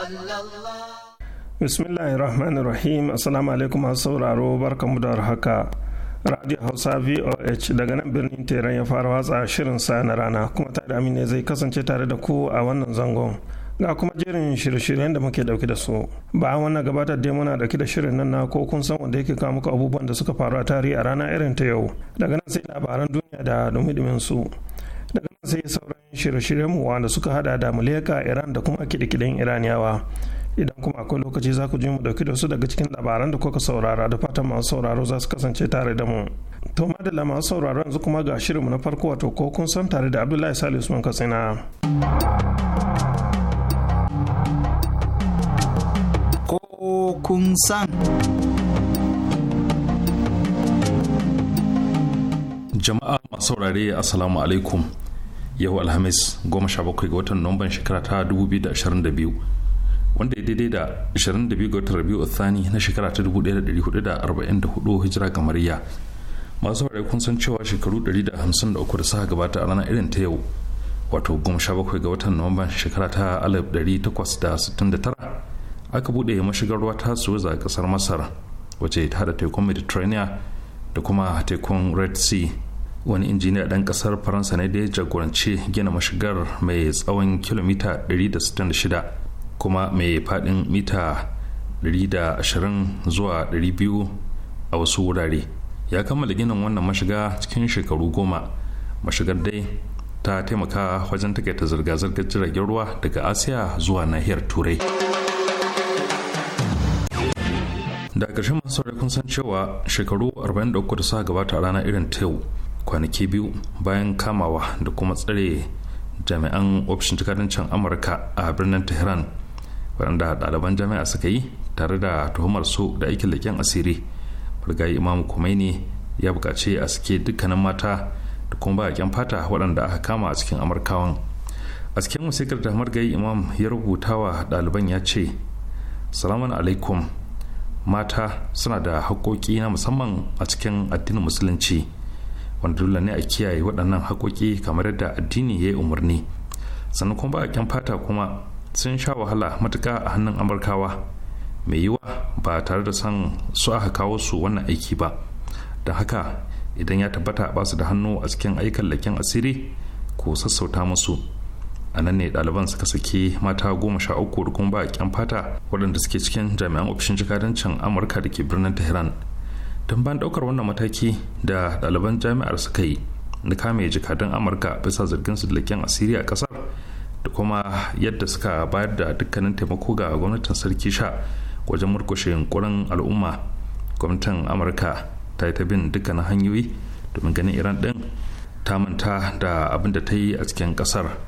Bismillahi bismillahir rahmanir rahim assalamu alaikum masu sauraro barkamu da haka radio hausa voh daga nan birnin teran ya fara watsa shirin sa na rana kuma tare amin ne zai kasance tare da ku a wannan zangon ga kuma jerin shirye-shiryen da muke dauke da su bayan wannan gabatar dai muna dauke da shirin nan na ko kun san wanda yake kawo muku abubuwan da suka faru a tarihi a rana irin ta yau daga nan sai labaran duniya da dumi su sai sauran shirye-shiryen mu wanda suka hada da muleka iran da kuma kidikidin iraniyawa idan kuma akwai lokaci za ku je mu dauki da su daga cikin labaran da kuka saurara da fatan masu sauraro za su kasance tare da mu to madalla masu sauraro yanzu kuma ga shirinmu na farko wato ko kun san tare da abdullahi salisu usman katsina ko kun san jama'a masu saurare assalamu alaikum yau alhamis 17 ga watan nomban shekara ta 2022 wanda ya daidai da 22 ga watan rabiu thani na shekara ta 1444 hijira kamariya masu haɗe kun san cewa shekaru 153 da suka gabata a ranar irin ta yau wato 17 ga watan nomban shekara ta 1869 aka buɗe mashigar ruwa ta suwaza ƙasar masar wacce ta haɗa tekun mediterranean da kuma tekun red sea wani injiniya ɗan ƙasar faransa ne da ya jagorance gina mashigar mai tsawon kilomita 166 kuma mai faɗin mita 120 zuwa 200 a wasu wurare ya kammala ginin wannan mashiga cikin shekaru goma mashigar dai ta taimaka wajen takaita zirga-zirgar jiragen ruwa daga asiya zuwa nahiyar turai da ƙarshen masu kun san cewa shekaru 43 da suka gabata a rana irin ta kwanaki biyu bayan kamawa da kuma tsare jami'an ofishin jikadancin amurka a birnin tehran waɗanda ɗaliban jami'a suka yi tare da tuhumar su da aikin leƙen asiri burgayi imam kumaini ya buƙaci a suke dukkanin mata da kuma baƙin fata waɗanda aka kama a cikin amurkawan a cikin wasikar da margayi imam ya rubuta wa ɗaliban ya ce salamun alaikum mata suna da haƙoƙi na musamman a cikin addinin musulunci wanda dole ne a kiyaye waɗannan haƙoƙi kamar yadda addini ya yi umarni sannan kuma baƙin fata kuma sun sha wahala matuƙa a hannun amurkawa mai yiwa ba tare da son su aka kawo su wannan aiki ba don haka idan ya tabbata ba su da hannu a cikin aikallakin asiri ko sassauta musu a nan ne ɗaliban suka saki mata goma sha uku da kuma baƙin fata waɗanda suke cikin jami'an ofishin jikadancin amurka da ke birnin tehran tun ban daukar wannan mataki da ɗaliban jami'ar suka yi na kame jikadun amurka bisa zargin su da asiri a kasar da kuma yadda suka bayar da dukkanin taimako ga gwamnatin sarki sha wajen murkushe yunkurin al'umma gwamnatin amurka ta yi ta bin dukkanin hanyoyi domin ganin iran din ta manta da abin da ta yi a cikin kasar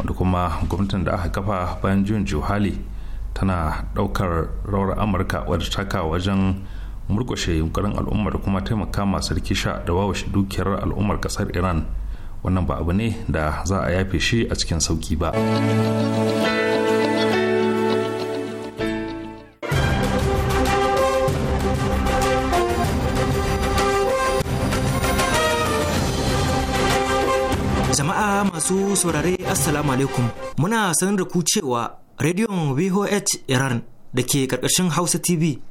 wanda kuma gwamnatin da aka kafa bayan juyin juhali tana daukar rawar amurka wadda taka wajen murkushe yunkurin al'ummar kuma taimaka ma sarki sha da wawashe dukiyar al'ummar kasar iran wannan ba abu ne da za a yafe shi a cikin sauki ba jama'a masu saurare assalamu alaikum muna sanar da ku cewa rediyon vhh iran da ke karkashin hausa tv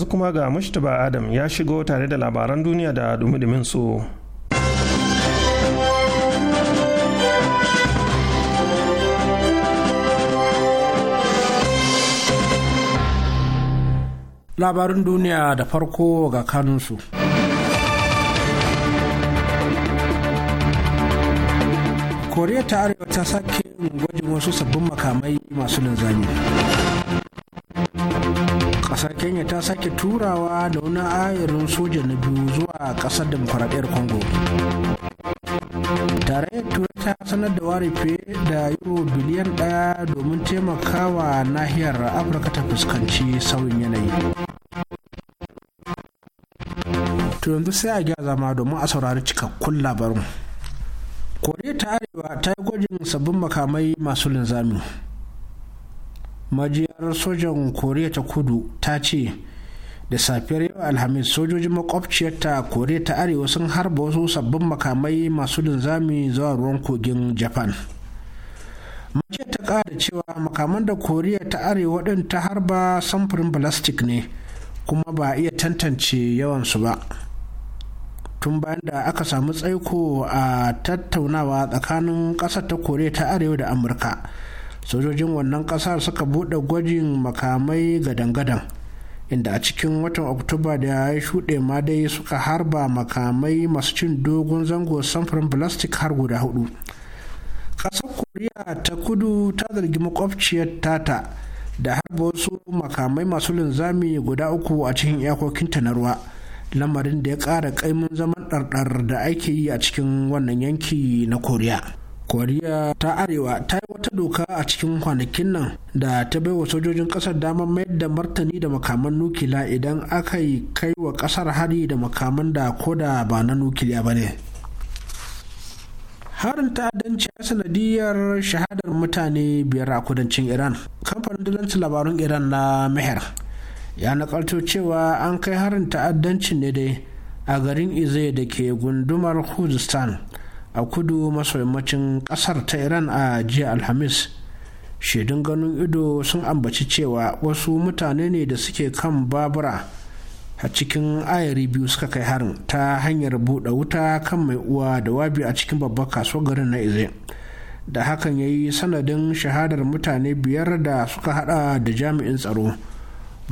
yanzu kuma ga Mustapha Adam ya shigo tare da labaran duniya da dumidimin su. Labarin duniya da farko ga kanunsu. Koriya ta Arewa ta sake gwajin wasu sabbin makamai masu linzami. kasar kenya ta sake turawa da wani ayarin soja na biyu zuwa kasar demokuraɗiyar congo tarayyar turai ta sanar da ware fiye da euro biliyan daya domin taimakawa nahiyar afirka ta fuskanci sauyin yanayi to yanzu sai a gyara zama domin a saurari cikakkun labarin koriya ta arewa ta yi gwajin sabbin makamai masu linzami majiyar sojan koriya ta kudu ta ce da safiyar yau alhamis sojojin ta koriya ta arewa sun harba wasu sabbin makamai masu linzami zuwa ruwan kogin japan mace ta kada cewa makaman da koriya ta arewa ɗin ta harba samfurin balastik ne kuma ba a iya tantance yawansu ba tun bayan da aka samu tsaiko a tattaunawa tsakanin ƙasar ta koriya ta arewa da amurka sojojin wannan kasar suka bude gwajin makamai gadan-gadan inda a cikin watan oktoba da ya shuɗe ma dai suka harba makamai masu cin dogon zango samfurin plastic har guda hudu ƙasar koriya ta kudu ta zargi makwabciyar tata da harba wasu makamai masu linzami guda uku a cikin iyakokinta na ruwa lamarin da ya ƙara kaimun zaman ɗarɗar da ake yi a cikin wannan yanki na koriya koriya ta arewa ta yi wata doka a cikin kwanakin nan da ta baiwa sojojin kasar damar mayar da martani da makaman nukila idan aka yi kai wa kasar hari da makaman da ko da ba na nukiliya ba ne harin ta'addanci a sanadiyar shahadar mutane biyar a kudancin iran kamfanin dalancin labarun iran na meher ya nakalto cewa an kai harin ta'addanci ne dai a garin izai da ke gundumar kuzistan a kudu maso yammacin kasar ta iran a jiya alhamis shaidun ganin ido sun ambaci cewa wasu mutane ne da suke kan babura a cikin ayari biyu suka kai harin ta hanyar buɗe wuta kan mai uwa da wabi a cikin babbar kasuwar garin na izai da hakan ya yi sanadin shahadar mutane biyar da suka hada da jami'in tsaro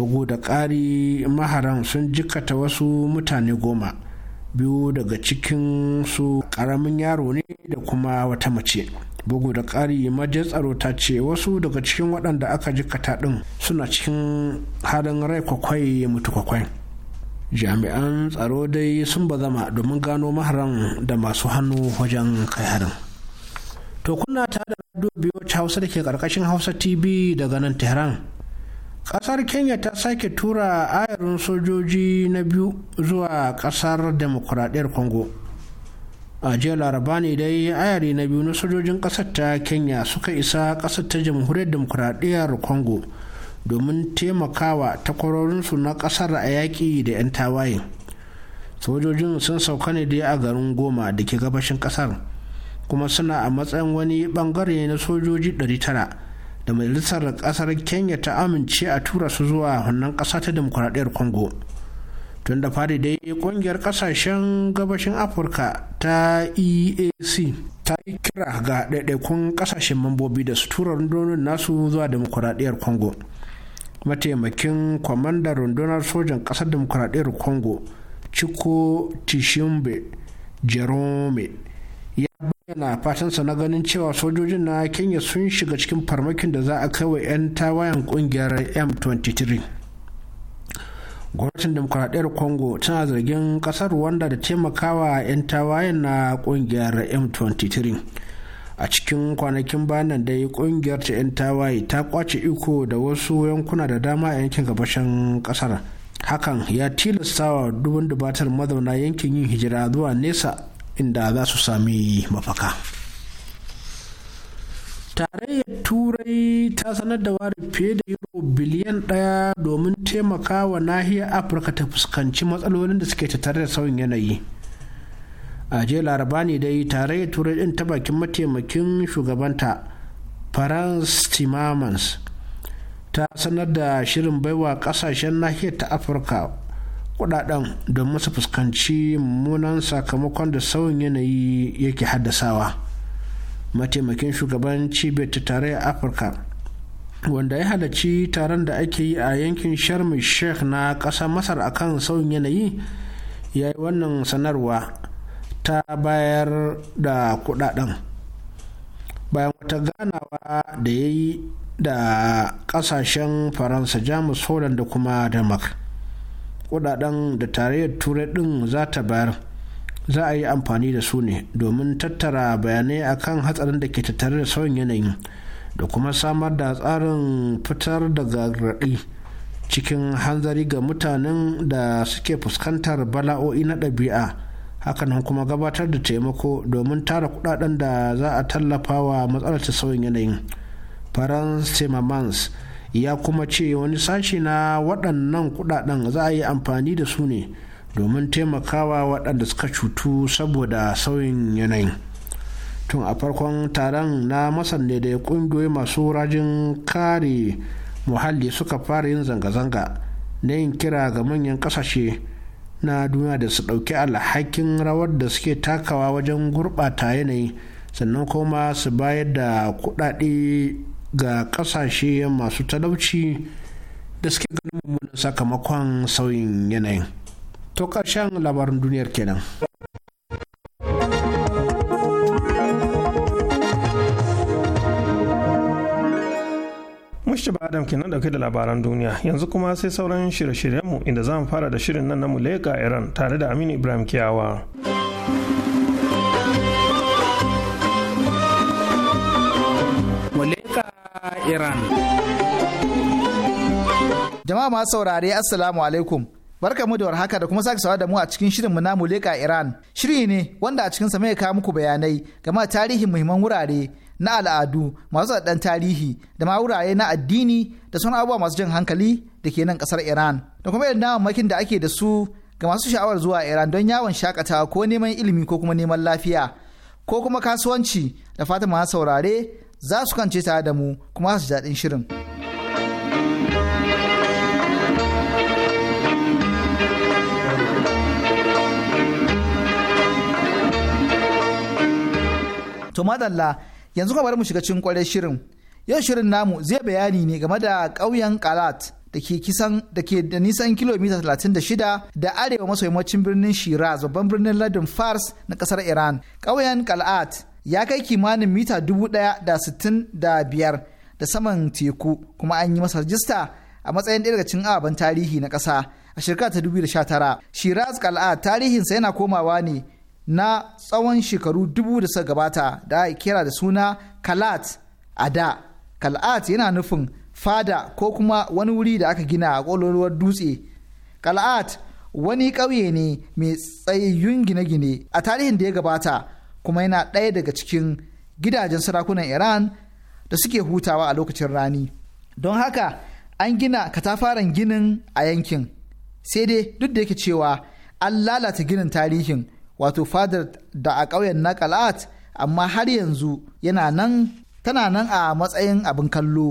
bugu da ƙari maharan sun jikata wasu mutane goma biyu daga cikin su karamin yaro ne da kuma wata mace bugu da ƙari majiyar tsaro ta ce wasu daga cikin waɗanda aka jikata ɗin suna cikin halin rai kwakwai mutu kwakwai jami'an tsaro dai sun ba zama domin gano maharan da masu hannu wajen kai harin to kuna ta da radio biyu hausa da ke ƙarƙashin hausa tv daga nan tehran kasar kenya ta sake tura ayarin sojoji na biyu zuwa kasar demokuraɗiyar congo a jiya laraba ne dai ayari na biyu na sojojin kasar ta kenya suka isa kasar ta jamhuriyar demokuraɗiyar congo domin taimakawa takwarorinsu na kasar a yaƙi da 'yan tawaye sojojin sun sauka ne dai a garin goma da ke gabashin kasar kuma suna a matsayin wani bangare na sojoji 900 da majalisar kasar kenya ta amince a tura su zuwa wannan kasa ta demokuraɗiyar congo tun da fari dai kungiyar kasashen gabashin afirka ta eac ta yi kira ga ɗaiɗaikun kasashen mambobi da su tura rundunar nasu zuwa demokuraɗiyar congo mataimakin kwamandar rundunar sojan ƙasar demokuraɗiyar congo chiko tishimbe jerome ya yana fatan sa na ganin cewa sojojin na kenya sun shiga cikin farmakin da za a kai wa 'yan tawayen kungiyar m23 gwamnatin demokuraɗiyar congo tana zargin ƙasar wanda da taimakawa 'yan tawayen na kungiyar m23 a cikin kwanakin bayanan dai kungiyar ta 'yan tawaye ta kwace iko da wasu yankuna da dama a yankin gabashin kasar hakan ya tilastawa dubin dubatar mazauna yankin yin hijira zuwa nesa inda za su sami mafaka tarayyar turai ta sanar da wari fiye da euro biliyan daya domin taimaka wa nahiyar afirka ta fuskanci matsalolin da suke tattare da sauyin yanayi a jiya laraba ne dai tarayyar turai din ta bakin mataimakin shugabanta france timamans ta sanar da shirin baiwa kasashen nahiyar ta afirka kudaden don masu fuskanci mummunan sakamakon da sauyin yanayi yake haddasawa mataimakin shugaban cibiyar ta a afirka wanda ya halarci taron da ake yi a yankin sharm sheikh na ƙasar masar akan sauyin yanayi ya yi wannan sanarwa ta bayar da kudaden bayan wata ganawa da ya yi da ƙasashen faransa jamus holland da kuma denmark kudaden da tarayyar turai din za ta bayar za a yi amfani da su ne domin tattara bayanai akan hatsarin da ke tattare da sauyin yanayi da kuma samar da tsarin fitar da gargaɗi cikin hanzari ga mutanen da suke fuskantar bala'o'i na ɗabi'a hakan kuma gabatar da taimako domin tara kudaden da za a tallafa wa matsalar sauyin yanayin faransa ya kuma ce wani sashi na waɗannan kudaden za a yi amfani da su ne domin taimakawa waɗanda suka cutu saboda sauyin yanayin tun a farkon taron na masan ne da ƙungiyoyi masu rajin kare muhalli suka fara yin zanga-zanga na yin kira ga manyan ƙasashe na duniya da su ɗauki alhakin rawar da suke takawa wajen gurɓata yanayi sannan kuma su bayar da kuɗaɗe ga ƙasashe masu talauci da suke ganin mummunan sakamakon sauyin yanayin. To ƙarshen labarin duniyar kenan. Mustapha Adam kenan dauke da labaran duniya yanzu kuma sai sauran shirye-shiryenmu inda za mu fara da shirin nan na Muleka Iran tare da Aminu Ibrahim Kiyawa. Muleka Iran. Jama'a masu saurare Assalamu alaikum. Barka mu da warhaka da kuma sake sawa da mu a cikin shirin mu na Muleka Iran. Shiri ne wanda a cikin sa mai kawo muku bayanai game da tarihin muhimman wurare na al'adu masu ɗan tarihi da ma wurare na addini da sauran abubuwa masu jan hankali da ke nan ƙasar Iran. Da kuma irin makin da ake da su ga masu sha'awar zuwa Iran don yawon shakatawa ko neman ilimi ko kuma neman lafiya ko kuma kasuwanci da fatan masu saurare za su kance tare da mu kuma su daɗin shirin. To madalla yanzu kamar mu shiga cikin kwarar shirin. Yau shirin namu zai bayani ne game da ƙauyen Kalat da ke kisan da ke da nisan kilomita 36 da arewa maso yammacin birnin Shiraz babban birnin ladin Fars na ƙasar Iran. Ƙauyen Kalat ya kai kimanin mita dubu ɗaya da sittin da biyar da saman teku kuma an yi masa rajista a matsayin ɗaya daga cikin ababen tarihi na ƙasa a shekara ta 2019 shiraz kal'a tarihinsa yana komawa ne na tsawon shekaru dubu da suka gabata da ake kira da suna kalat a da kalat yana nufin fada ko kuma wani wuri da aka gina a ƙololuwar dutse kalat wani ƙauye ne mai tsayayyun gine-gine a tarihin da ya gabata kuma yana ɗaya daga cikin gidajen sarakunan iran da suke hutawa a lokacin rani don haka an gina katafaren ginin a yankin sai dai duk da yake cewa an lalata ginin tarihin wato fadar da a ƙauyen na kalat amma har yanzu yana nan tana nan a matsayin abin kallo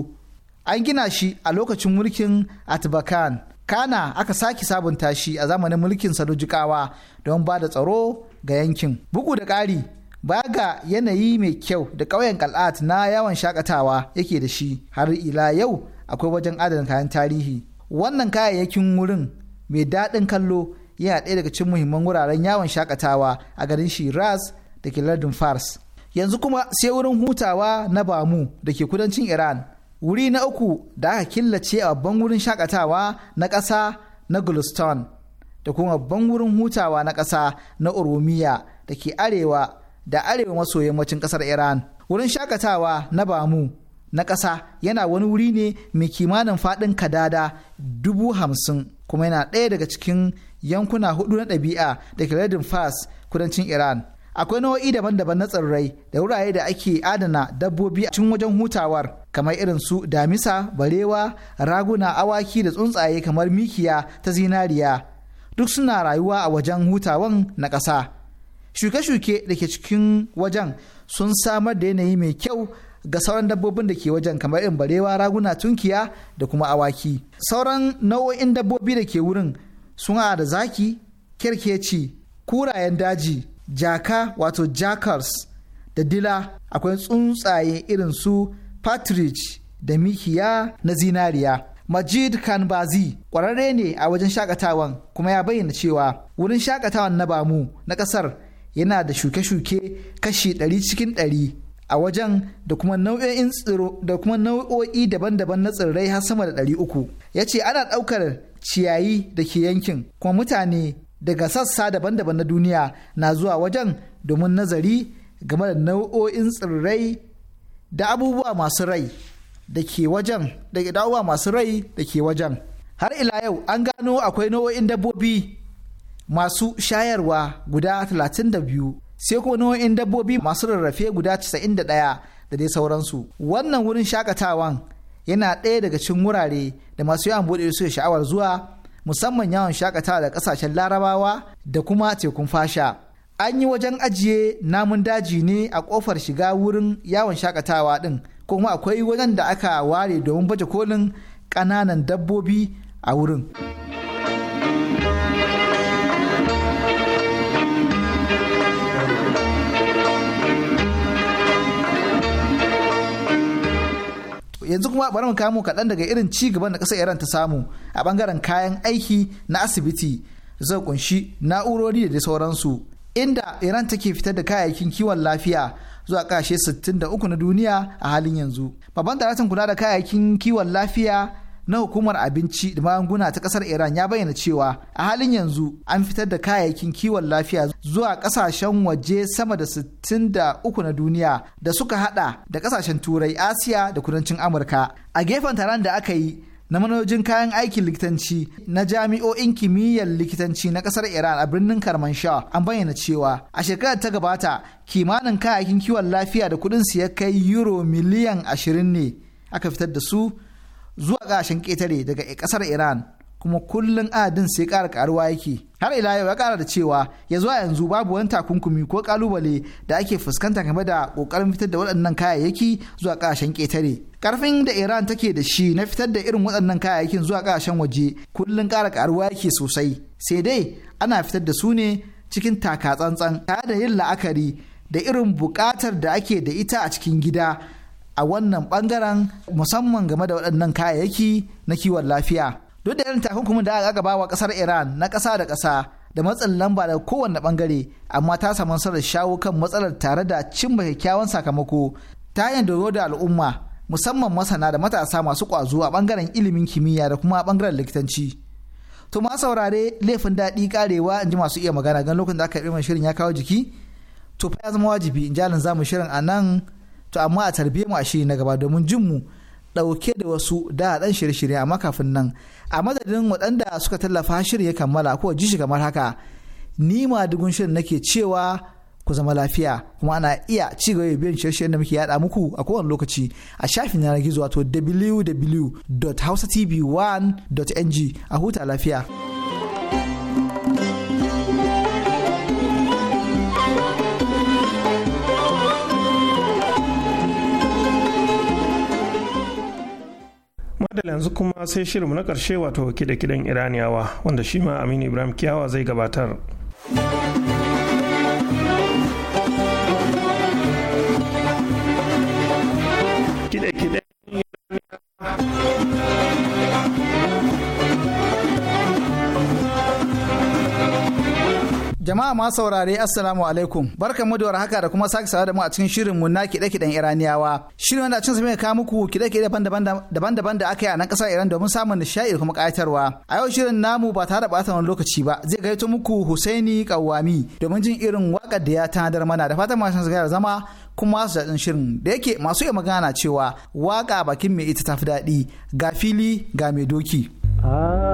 an gina shi a lokacin mulkin atbakan kana aka sake sabunta shi a zamanin mulkin sadojikawa don ba da tsaro ga yankin bugu da ƙari ba ga yanayi mai kyau da ƙauyen kal'at na yawon shakatawa yake da shi har ila yau akwai wajen adana kayan tarihi wannan kayayyakin wurin mai daɗin kallo yana ɗaya daga cikin muhimman wuraren yawon shakatawa a garin shiraz da ke lardin fars yanzu kuma sai wurin hutawa na bamu da ke kudancin iran wuri na uku da aka killace a babban wurin shakatawa na ƙasa na gulistan da kuma babban wurin hutawa na ƙasa na oromiya da ke arewa da arewa maso yammacin ƙasar Iran. Wurin shakatawa na Bamu na ƙasa yana wani wuri ne mai kimanin faɗin kadada dubu hamsin kuma yana ɗaya daga cikin yankuna hudu na ɗabi'a da ke lardin Fars kudancin Iran. Akwai nau'i daban-daban na tsirrai da wurare da ake adana dabbobi a cikin wajen hutawar kamar irin su damisa, barewa, raguna, awaki da tsuntsaye kamar mikiya ta zinariya. Duk suna rayuwa a wajen hutawan na ƙasa. shuke-shuke da ke cikin wajen sun samar da yanayi mai kyau ga sauran dabbobin da ke wajen kamar in barewa raguna tunkiya da kuma awaki sauran nau'o'in dabbobi da ke wurin sun da zaki kirkeci kurayen daji jaka wato jackals da dila akwai tsuntsaye irin su partridge da mikiya na zinariya majid kanbazi kwararre ne a wajen shakatawan kuma ya bayyana cewa wurin shakatawan na bamu na kasar yana da shuke-shuke kashi ɗari cikin ɗari a wajen da kuma nau'o'in tsiro da kuma nau'o'i daban-daban na tsirrai har sama da ɗari uku ya ce ana ɗaukar ciyayi da ke yankin kuma mutane daga sassa daban-daban na duniya na zuwa wajen domin nazari game da nau'o'in tsirrai da abubuwa masu rai da ke wajen da masu rai da ke wajen har ila yau an gano akwai nau'o'in dabbobi masu shayarwa guda 32 sai kuma nau'in dabbobi masu rarrafe guda 91 da dai sauransu wannan wurin shakatawan yana ɗaya daga cikin wurare da masu yawan buɗe suke sha'awar zuwa musamman yawon shakatawa da ƙasashen larabawa da kuma tekun fasha an yi wajen ajiye namun daji ne a ƙofar shiga wurin yawon shakatawa ɗin kuma akwai wajen da aka ware domin baje kolin ƙananan dabbobi a wurin. yanzu kuma bari mu kamo kaɗan daga irin ci gaban da ƙasar iran ta samu a ɓangaren kayan aiki na asibiti zai kunshi na'urori da sauransu inda iran take fitar da kayayyakin kiwon lafiya zuwa ƙasashe 63 na duniya a halin yanzu babban daraktan kula da kayayyakin kiwon lafiya na hukumar abinci da magunguna ta kasar iran ya bayyana cewa a halin yanzu an fitar da kayayyakin kiwon lafiya zuwa kasashen waje sama da 63 na duniya da suka hada da kasashen turai asiya da kudancin amurka a gefen taron da aka yi na manojin kayan aikin likitanci na jami'o'in kimiyyar likitanci na kasar iran a birnin karmansha an bayyana cewa a shekarar ta gabata kimanin kayayyakin kiwon lafiya da kudin su ya kai euro miliyan 20 ne aka fitar da su zuwa gashin ƙetare daga ƙasar Iran kuma kullum adin sai ƙara ƙaruwa yake. Har ila yau ya ƙara da cewa ya zuwa yanzu babu wani takunkumi ko ƙalubale da ake fuskanta game da ƙoƙarin fitar da waɗannan kayayyaki zuwa ƙasashen ƙetare. Ƙarfin da Iran take da shi na fitar da irin waɗannan kayayyakin zuwa ƙasashen waje kullum ƙara ƙaruwa yake sosai. Sai dai ana fitar da su ne cikin taka tsantsan tare da yin la'akari da irin buƙatar da ake da ita a cikin gida a wannan bangaren musamman game da waɗannan kayayyaki na kiwon lafiya duk da irin takunkumin da aka gaba wa ƙasar iran na ƙasa da ƙasa da matsin lamba da kowane bangare amma ta samu nasarar shawo kan matsalar tare da cimma kyakkyawan sakamako ta hanyar dogaro da al'umma musamman masana da matasa masu ƙwazo a bangaren ilimin kimiyya da kuma bangaren likitanci. to ma saurare laifin daɗi karewa in ji masu iya magana gan lokacin da aka yi shirin ya kawo jiki to fa ya zama wajibi in jalin zamu shirin a nan to amma a tarbe mu a shiri na gaba domin jin mu ɗauke da wasu da dan shirye-shirye amma kafin nan a madadin waɗanda suka tallafa shirin ya kammala ko ji shi kamar haka ni ma dugun shirin nake cewa ku zama lafiya kuma ana iya ci gaba biyan shirye-shiryen da muke yada muku a kowane lokaci a shafin yanar gizo wato www.hausatv1.ng a huta lafiya. da yanzu kuma sai shirinmu na ƙarshe wato kide-kiden iraniyawa wanda shi ma aminu ibrahim kiyawa zai gabatar. Jama'a ma saurare Assalamu alaikum. Barkanmu da haka da kuma sake sawa da mu a cikin shirin mu na kiɗe-kiɗen Iraniyawa. Shirin wanda cin mai ka muku kiɗe-kiɗe daban-daban da aka yi a nan kasar Iran domin samun nishaɗi da kuma ƙayatarwa. A yau shirin namu ba tare da ɓata wani lokaci ba zai gaito muku Husaini Kawami domin jin irin waƙar da ya tanadar mana da fatan masu da zama kuma su daɗin shirin da yake masu iya magana cewa waƙa bakin mai ita tafi daɗi ga fili ga mai doki. Ah.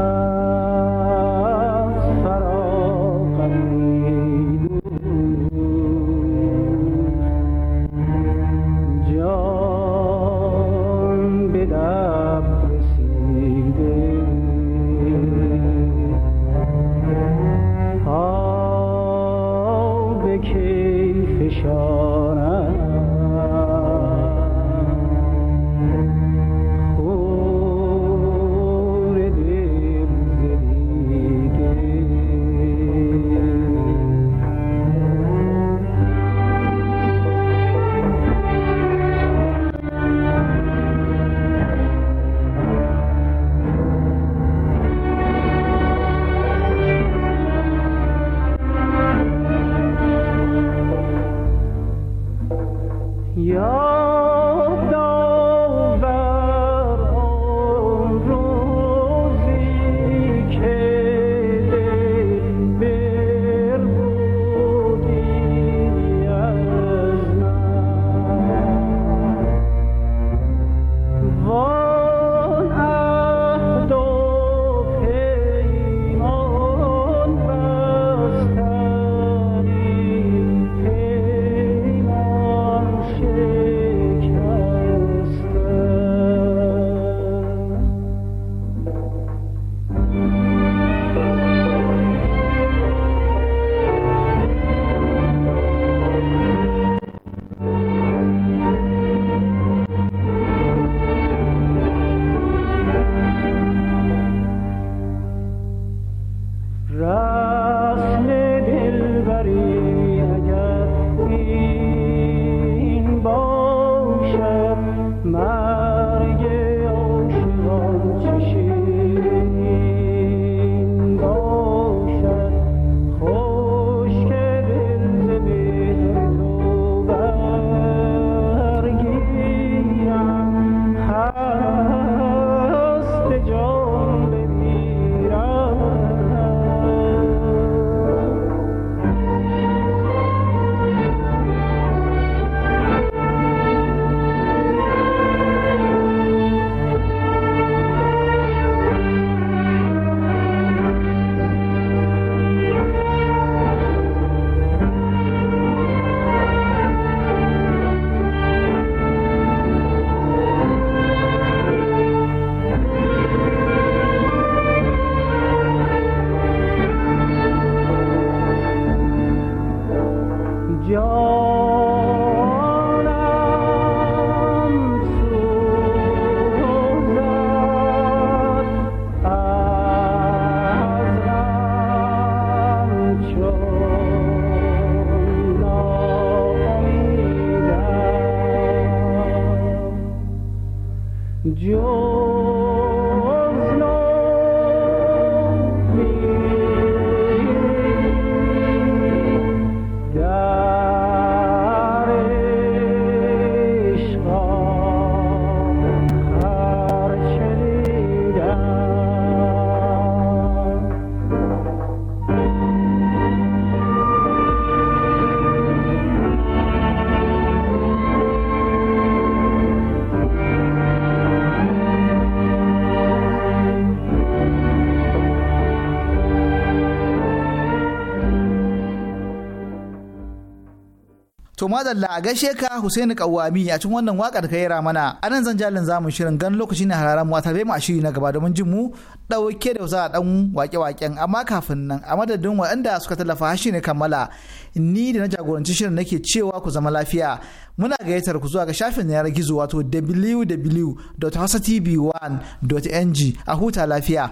To madalla a gaishe ka Husaini Kawami a cikin wannan waka da ka yi mana. anan zan jalin zamu shirin gan lokaci na hararan mu a tarbe mu a shiri na gaba domin jin mu dauke da wasa dan wake-waken amma kafin nan a madadin waɗanda suka tallafa hashi ne kammala. Ni da na jagoranci shirin nake cewa ku zama lafiya. Muna gayyatar ku zuwa ga shafin yanar gizo wato www.hausatv1.ng a huta lafiya.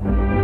you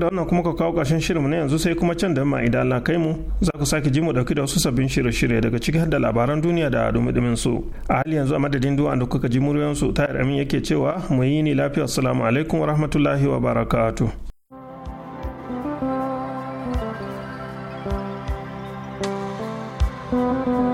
da wannan kuma ka kawo ƙarshen shirinmu na yanzu sai kuma can da ma idan Allah kai mu za ku sake ji mu dauki da wasu sabbin shirye-shirye daga ciki har da labaran duniya da dumi-dumin su. A hali yanzu a madadin duwa da kuka ji muryoyin su tayar min yake cewa mu yi ni lafiya assalamu alaikum wa rahmatullahi wa barakatu. thank you